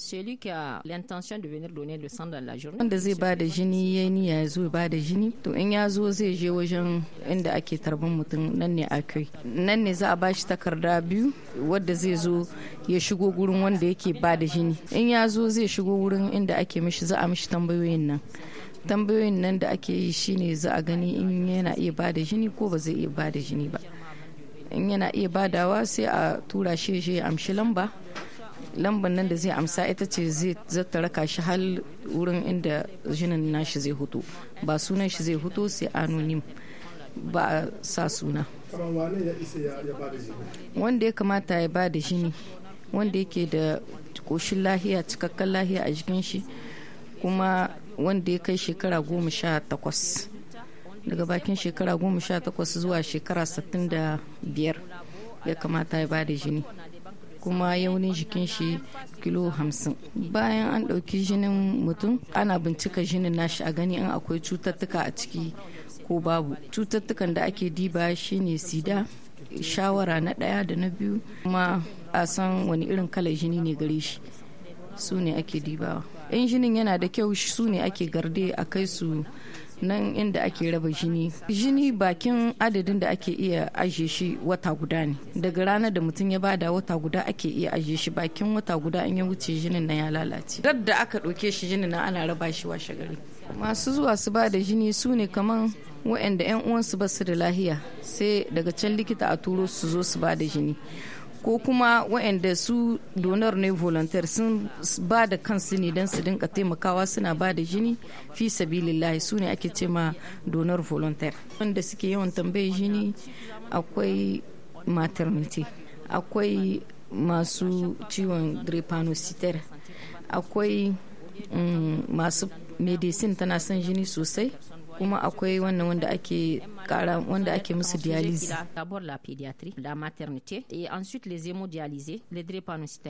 celui qui a l'intention de venir donner le sang dans la journée wanda zai ba da jini ya niyya ya zo ba da jini to in ya zo zai je wajen inda ake tarban mutum nan ne akai nan ne za a bashi takarda biyu wadda zai zo ya shigo gurin wanda yake ba da jini in ya zo zai shigo wurin inda ake mishi za a mishi tambayoyin nan tambayoyin nan da ake yi shine za a gani in yana iya ba da jini ko ba zai iya ba da jini ba in yana iya badawa sai a tura shi ya amshi lamba lambar nan da zai amsa ita ce zai zata raka shi hal wurin inda jinin nashi zai hutu ba sunan shi zai hutu sai anonim ba a sa suna wanda ya kamata ya ba da jini wanda yake da koshin lahiya cikakken lahiya a jikin shi kuma wanda ya kai shekara goma sha takwas daga bakin shekara goma sha takwas zuwa shekara sittin da biyar ya kamata ya ba da jini kuma yaunin jikin shi kilo hamsin bayan an ɗauki jinin mutum ana bincika jinin nashi a gani an akwai cututtuka a ciki ko babu cututtukan da ake diba shine sida shawara na ɗaya da na biyu kuma a san wani irin kalar jini ne gare shi su ne ake dibawa injinin yana da kyau su ne ake garde a kai su nan inda ake raba jini jini bakin adadin da ake iya ajiye shi wata guda ne daga ranar da mutum ya bada wata guda ake iya ajiye shi bakin wata guda an ya wuce jinin na ya lalace da aka ɗauke shi jinin na ana raba shi washe gari masu zuwa su ba da jini su ne kaman waɗanda 'yan uwansu ba su da lahiya sai daga can likita a turo su zo su ba da jini ko kuma waɗanda su donar ne volunteer sun ba da kansu ne don su dinka taimakawa suna ba da jini fi sabilillahi su ne ake ce ma donor volunteer wanda suke yawan tambaye jini akwai maternity akwai masu ciwon drepanocytaire akwai mm, masu medicine tana son jini sosai d'abord la pédiatrie la maternité et ensuite les hémodialysés les drépanocytères.